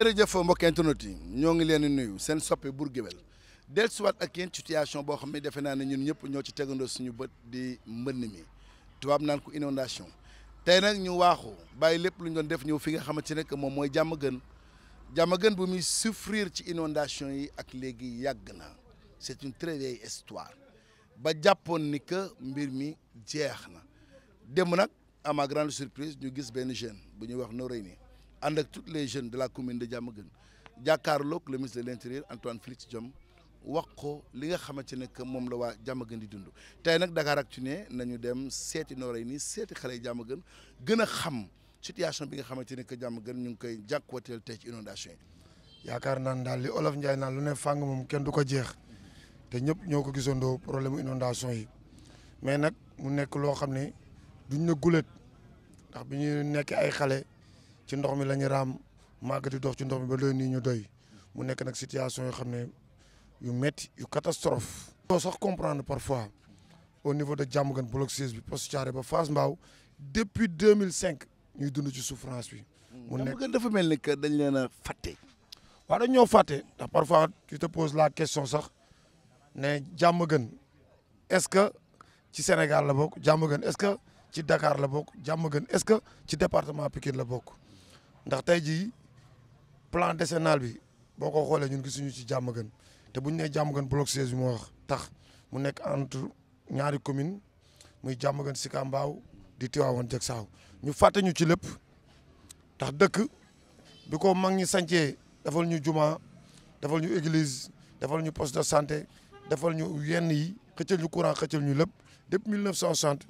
jërëjëf mbokk internet ñoo ngi leen di nuyu seen soppe Bour Gueweul dellusiwaat ak yéen situation boo xam ne defe naa ne ñun ñëpp ñoo ci tegandoo suñu bët di mbënn mi tubaab naan ko inondation tey nag ñu waaxu bàyyi lépp lu doon def ñëw fi nga xamante ne que moom mooy jàmm gën jàmm gën bu muy souffrir ci inondation yi ak léegi yàgg na c'est une très vieille histoire ba jàppoon ni que mbir mi jeex na dem nag à ma grande surprise ñu gis benn jeune bu ñuy wax Noreyni ànd ak toutes les jeunes de la commune de Diamaguène jàkkaarloog le ministre de l' intérieur Antoine Félix Diome wax ko li nga xamante ne que moom la waa gën di dund tey nag ak ci ne nañu dem seeti nooray nii seeti xale yi Diamaguène gën gën a xam situation bi nga xamante ne que gën ñu ngi koy jànkuwanteel tey ci inondation yi. yaakaar naan daal li olof Ndiaye naan lu ne fàng moom kenn du ko jeex te ñëpp ñoo ko gisandoo problème inondation yi mais nag mu nekk loo xam ne duñ na gulet bi ñu nekk ay xale. ci ndox mi la ñu raam màgg di dox ci ndox mi ba doy nii ñu doy mu nekk nag situation yoo xam ne yu metti yu catastrophe. doo sax comprendre parfois au niveau de Diamaguène bloc 16 bi poste Thiaré ba Fass Mbao depuis cinq ñuy dund ci souffrance bi. mu nekk dafa mel ni que dañ leen a fàtte. waaw dañ fàtte ndax parfois tu te pose la question sax ne gën est-ce que ci Sénégal la bokk Diamaguène est-ce que ci Dakar la bokk Diamaguène est-ce que ci département Pikine la bokk. ndax tey jii plan décennal bi boo ko xoolee ñun gisuñu ci jàmm gën te bu ñu ne jàmm gën bloc 16 bi moo wax tax mu nekk entre ñaari commune muy jàmm gën Sicap Mbao di Tivaouane jag saaw ñu fàtte ñu ci lépp ndax dëkk bi ko mag ñi sancee defal ñu jumaa defal ñu église defal ñu poste de santé defal ñu yenn yi xëccal ñu courant xëccal ñu lépp depuis 1960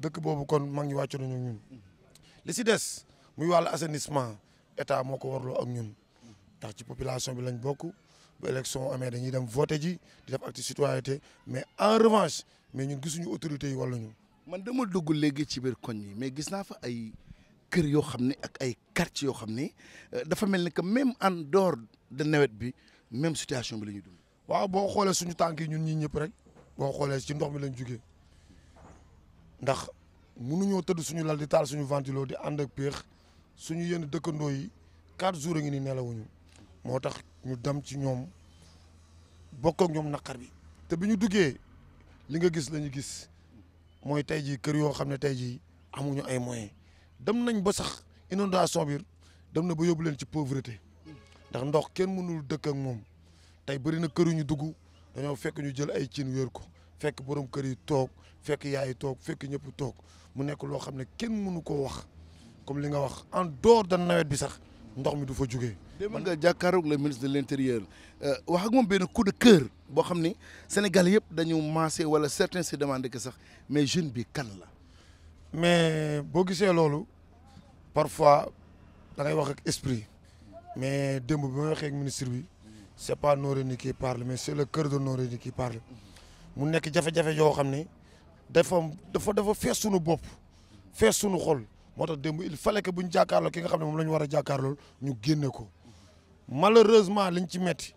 dëkk boobu kon mag ñi wàccu nañu ñun li si des muy wàllu assainissement état moo ko warloo ak ñun ndax ci population bi lañ bokk ba élection amee dañuy dem voté ji di def acte citoyenneté mais en revanche mais ñun gisuñu autorité yi wala ñu. man dama dugg léegi ci biir koñ yi mais gis naa fa ay kër yoo xam ne ak ay quartiers yoo xam ni euh, dafa mel ni que même en door de nawet bi même situation bi la dund. waaw boo xoolee suñu tànk yi ñun ñii ñëpp rek boo xoolee ci ndox mi lañ jóge ndax mënuñoo tëdd suñu lal di taal suñu ventilo di ànd ak péex. suñu yenn dëkkandoo yi quatre jours a ngi ni nelawuñu moo tax ñu dem ci ñoom bokk ak ñoom naqar bi te bi ñu duggee li nga gis la gis mooy tey jii kër yoo xam ne tey jii amuñu ay moyen dem nañ ba sax inondation bi dem na ba yóbbu leen ci pauvreté ndax ndox kenn mënul dëkk ak moom tey bëri na kër yu ñu dugg dañoo fekk ñu jël ay cin wéer ko fekk borom kër yi toog fekk yaay yi toog fekk ñëpp toog mu nekk loo xam ne kenn mënu koo wax comme li nga wax en dehors da nawet bi sax ndox mi du fa jugee. man nga jàkkaaroog le ministre de l' intérieur euh, wax ak moom benn coup de cœur boo xam ni Sénégal yëpp dañu maase wala certains se demandent que sax mais jeune bi kan la. mais boo gisee loolu parfois da ngay wax ak esprit mais démb bi ma waxee ministre bi c' est pas ni qui parle mais c' est le cœur de Noreyni qui parle mu nekk jafe-jafe yoo xam ne dafa dafa dafa fees sunu bopp fees sunu xol. moo tax démb il fallait que bu ñu jàkkaarloo ki nga xam ne moom la ñu war a jàkkaarlool ñu génne ko malheureusement liñ ci metti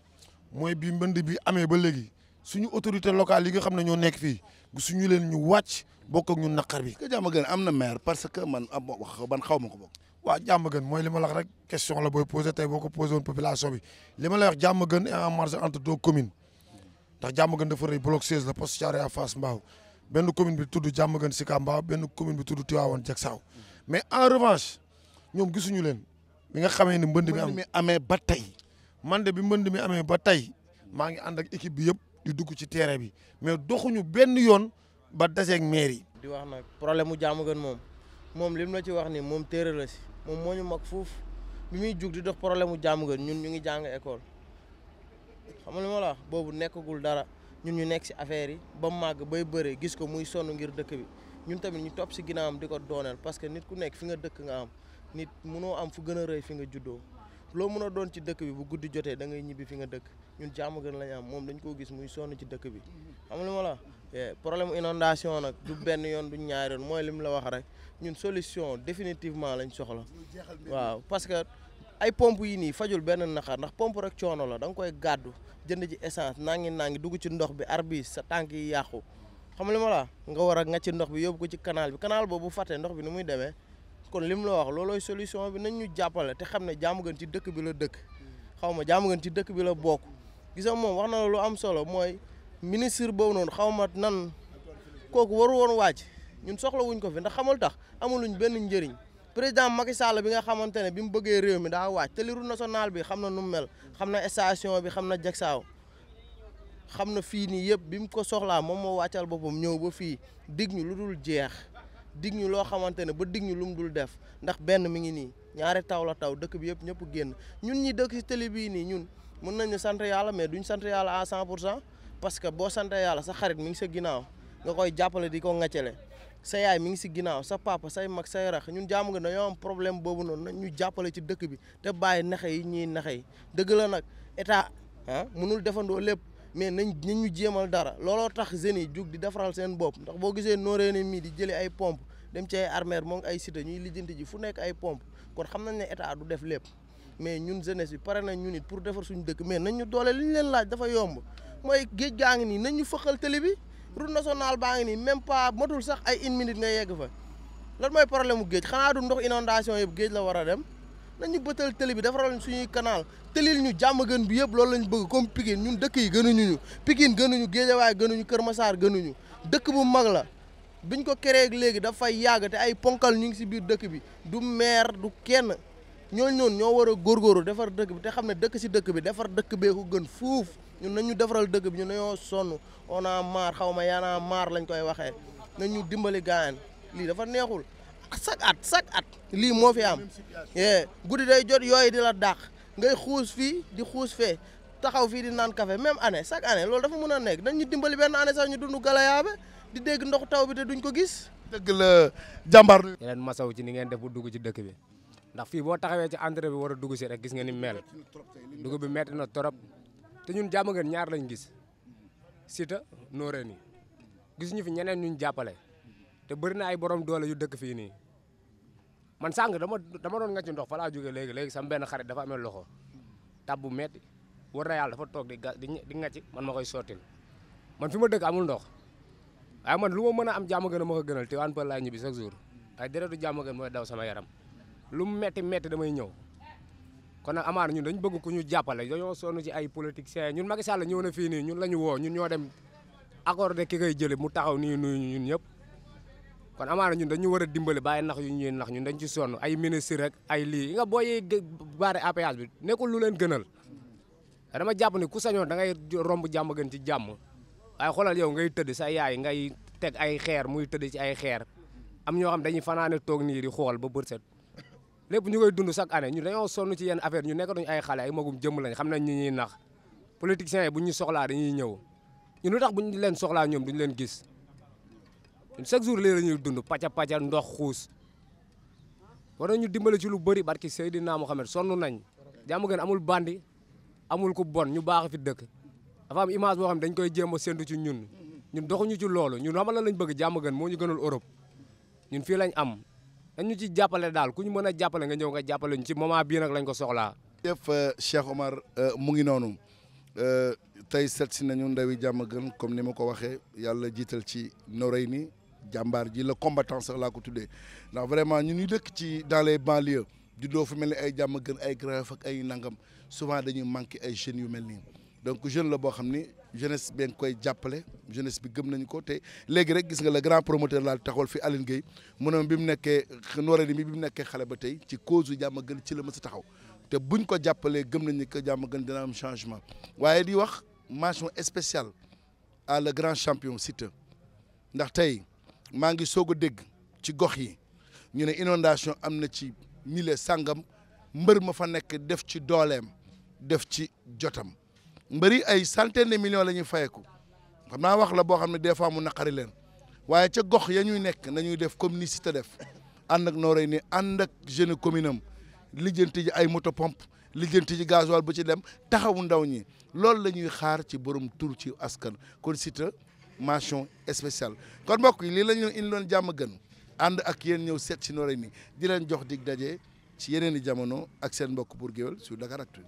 mooy bi mbënd bi amee ba léegi suñu autorité locale yi nga xam ne ñoo nekk fi fii suñu leen ñu wàcc bokk ak ñun naqar bi. que jàmm gën am na maire parce que man wax ban xaw ma ko bokk. waa jàmm gën mooy li ma la wax rek question la booy posé tey boo ko posé woon population bi li ma lay wax jàmm gën est en marge entre deux communes ndax jàmm gën dafa rëy bloc benn commune bi tudd jàmm gën Sika Mbao benn commune bi tudd Tivaouane Diacksao mais en revanche ñoom gisuñu leen bi nga xamee ni mbënd mi am mi amee ba tey man de bi mbënd mi amee ba tey maa ngi ànd ak équipe bi yëpp di dugg ci terrain bi mais doxuñu benn yoon ba daseeg maire yi di wax nag problème mu jaamu gën moom moom lim la ci wax ni moom téere la si moom moo ñu mag fuuf bi muy jug di dox problème mu jaamu gën ñun ñu ngi jàng école xam nga li ma la boobu nekkagul dara ñun ñu nekk si affaire yi ba mu màgg bay bëre gis ko muy sonn ngir dëkk bi ñun tamit ñu topp si ginnaawam di ko dooneel parce que nit ku nekk fi nga dëkk nga am nit munoo am fu gën a rëy fi nga juddoo loo mun a doon ci dëkk bi bu guddi jotee da ngay ñibbi fi nga dëkk ñun jàmm gën lañ am moom dañ koo gis muy sonn ci dëkk bi xam nga ma la eh, problème inondation nag du benn yoon du ñaari yoon mooy li mu la wax rek ñun solution définitivement lañ soxla waaw parce que ay pompe yi nii fajul benn naxar ndax pompe rek coono la da nga koy gàddu jënd ji essence nangi nangi dugg ci ndox bi arbis sa tànk yi yàqu xam nga li la nga war a ngàcc ndox bi yóbbu ko ci canal bi canal boobu bu ndox bi ni muy demee kon lim la wax loolooy solution bi nañ ñu jàppale te xam ne jaamu gën ci dëkk bi la dëkk xaw ma jaamu gën ci dëkk bi la bokk gisa moom wax na lu am solo mooy ministre boobu noonu xaw ma kooku waru woon wàcc ñun soxla ko fi ndax xamul tax amuluñ benn njëriñ président Macky Sall bi nga xamante ne bi mu bëggee réew mi daa wàcc te li bi xam na nu mu mel xam na station bi xam na jagsaaw xam na fii nii yëpp bi mu ko soxlaa moom moo wàccal boppam ñëw ba fii dig ñu lu dul jeex dig ñu loo xamante ne ba dig ñu lu dul def ndax benn mi ngi nii ñaari taw la taw dëkk bi yëpp ñëpp génn ñun ñi dëkk si télé bii nii ñun mën nañu sant mais duñ sant à 100 pour cent parce que boo sant yàlla sa xarit mi ngi sa ginnaaw nga koy jàppale di ko ŋaccale sa yaay mi ngi si ginnaaw sa papa say mag say ñun jaamu nga dañoo am problème boobu noonu nañ ñu jàppale ci dëkk bi te bàyyi naxe yi ñuy naxe yi dëgg la nag état ah mënul defandoo lépp mais nañ nañ ñu jéemal dara looloo tax jeunes yi jug di defaral seen bopp ndax boo gisee nooree ne mii di jëlee ay pompe dem ci ay armère moo ngi ay cité ñuy lijjanti ji fu nekk ay pompe kon xam nañ ne état du def lépp mais ñun jeunesse bi pare nañ ñu nit pour defar suñu dëkk mais nañ ñu doole li leen laaj dafa yomb mooy géej gaa ngi nii nañ ñu fëqal télé bi route nationale baa ngi nii même pas matul sax ay une minute nga yegg fa lan mooy problème mu géej xanaa du ndox inondation yëpp géej la war a dem nañu bëtal télé bi defaral ñu suñuy canal télil ñu jàmm gën bi yëpp loolu lañ bëgg comme Pikine ñun dëkk yi gënuñu ñu Pikine gënuñu Géejawaay ñu Kër Masaar gënuñu dëkk bu mag la biñ ko keree léegi dafa yàgg te ay ponkal ñu ngi si biir dëkk bi du meer du kenn ñoo noonu ñoo war a góorgóorlu defar dëkk bi te xam ne dëkk si dëkk bi defar dëkk bee ko gën fuuf ñun nañu defaral dëkk bi ñu dañoo sonn on a marre xaw ma yaana marre lañ koy waxee nañu dimbali gaayan lii dafa neexul chaque at chaque at lii moo fi am guddi day jot yooyu di la dàq ngay xuus fii di xuus fee taxaw fii di naan kafe même année chaque année lool dafa mën a nekk dañ ñu dimbali benn année sax ñu dund galayaabe di dégg ndoxu taw bi te duñ ko gis. dëgg la jàmbaar. yeneen masaw ci ni ngeen def bu dugg ci dëkk bi ndax fii boo taxawee ci entrée bi war a dugg si rek gis nga ni mel dugub bi metti na trop te ñun jàmm ngeen ñaar lañ gis Siteu Noreyni gis ñu fi ñeneen ñuñ jàppale. te bëri na ay borom doole yu dëkk fii nii man sànq dama dama doon nga ndox fa laa jógee léegi léegi sama benn xarit dafa amee loxo tab bu metti war na yàlla dafa toog di ga di man ma koy sottil man fi ma dëkk amul ndox waaye man lu ma mën a am jàmm gën a ma ko gënal te waan pël laa ñibbi chaque jour ay deretu mooy daw sama yaram lu mu metti metti damay ñëw kon nag amaana ñun dañ bëgg ku ñu jàppale dañoo sonn ci ay politiciens ñun Macky Sall ñëw na fii nii ñun la ñu woo ñun ñoo dem accordé ki koy jëlee mu taxaw nii nuyu ñun ñëpp kon amaana ñun dañu war a dimbali bàyyi nax yu ñuy nax ñun dañ ci sonn ay ministre rek ay lii nga booy baare APS bi nekkul lu leen gënal dama jàpp ne ku sañoon da ngay romb jàmm gën ci jàmm waaye xoolal yow ngay tëdd sa yaay ngay teg ay xeer muy tëdd ci ay xeer am ñoo xam dañuy fanaane toog nii di xool ba bët set lépp ñu koy dund chaque année ñu dañoo sonn ci yenn affaire ñu nekkatuñ ay xale ay magum jëmm lañ xam nañ ñu ñuy nax politiciens yi bu ñu soxlaa dañuy ñëw ñun lu tax bu ñu leen soxlaa ñoom duñ leen gis chaque jour lii la ñuy dund pàcca pàcca ndox xuus war nañu dimbale ci lu bëri barki Seydina Mohamed sonn nañ jàmm amul bandi amul ku bon ñu baax fi dëkk dafa am image boo xam dañ koy jéem a séntu ci ñun ñun doxuñu ci loolu ñu xamal lañ bëgg jàmm moo ñu gënal Europe ñun fii lañ am dañ ñu ci jàppale daal ku ñu mën a jàppale nga ñëw nga jàppale ñu ci moment bii nag lañ ko soxlaa. jëf euh, Cheikh Omar euh, mu ngi noonu euh, tey seet si nañu ndawi jàmm gën comme ni ma ko waxee yàlla jiital ci norey ni jàmbaar ji la combattant laa ko tuddee ndax vraiment ñu ñuy dëkk ci dans les banlieues juddoo fu mel ni ay jàmm gën ay Grand Yoff ay nangam souvent dañuy manqué ay jeunes yu mel nii donc jeune la boo xam ni jeunesse bi nga koy jàppale jeunesse bi gëm nañ ko te léegi rek gis nga le grand promoteur laa taxawal fi Aline Gueye mu ne bi mu nekkee nooree bi mu nekkee xale ba tey ci cause yu jàmm gën ci la ma a taxaw te bu ñu ko jàppalee gëm nañ ko jàmm gën dina am changement waaye di wax mention spéciale à le grand champion Siteu ndax tey. maa ngi soog a dégg ci gox yi ñu ne inondation am na ci mille sangam mbër ma fa nekk def ci dooleem def ci jotam mbëri ay centaine de millions la ñuy fayeku xam naa wax la boo xam ne des fois mu naqari leen waaye ca gox ya ñuy nekk nañuy def comme ni Siteu def ànd ak nooray ni ànd ak jeune commune am lijjanti ji ay moto pompe lijjanti ji gasoil bu ci dem taxawu ndaw ñi loolu la ñuy xaar ci borom tur ci askan kon Siteu mention spéciale kon mbokk yi lii la ñu indi loon jàmm gën ànd ak yéen ñëw seet si nooré ni di leen jox dig daje ci yeneen i jamono ak seen mbokk Bour Gueweul sur Dakaractu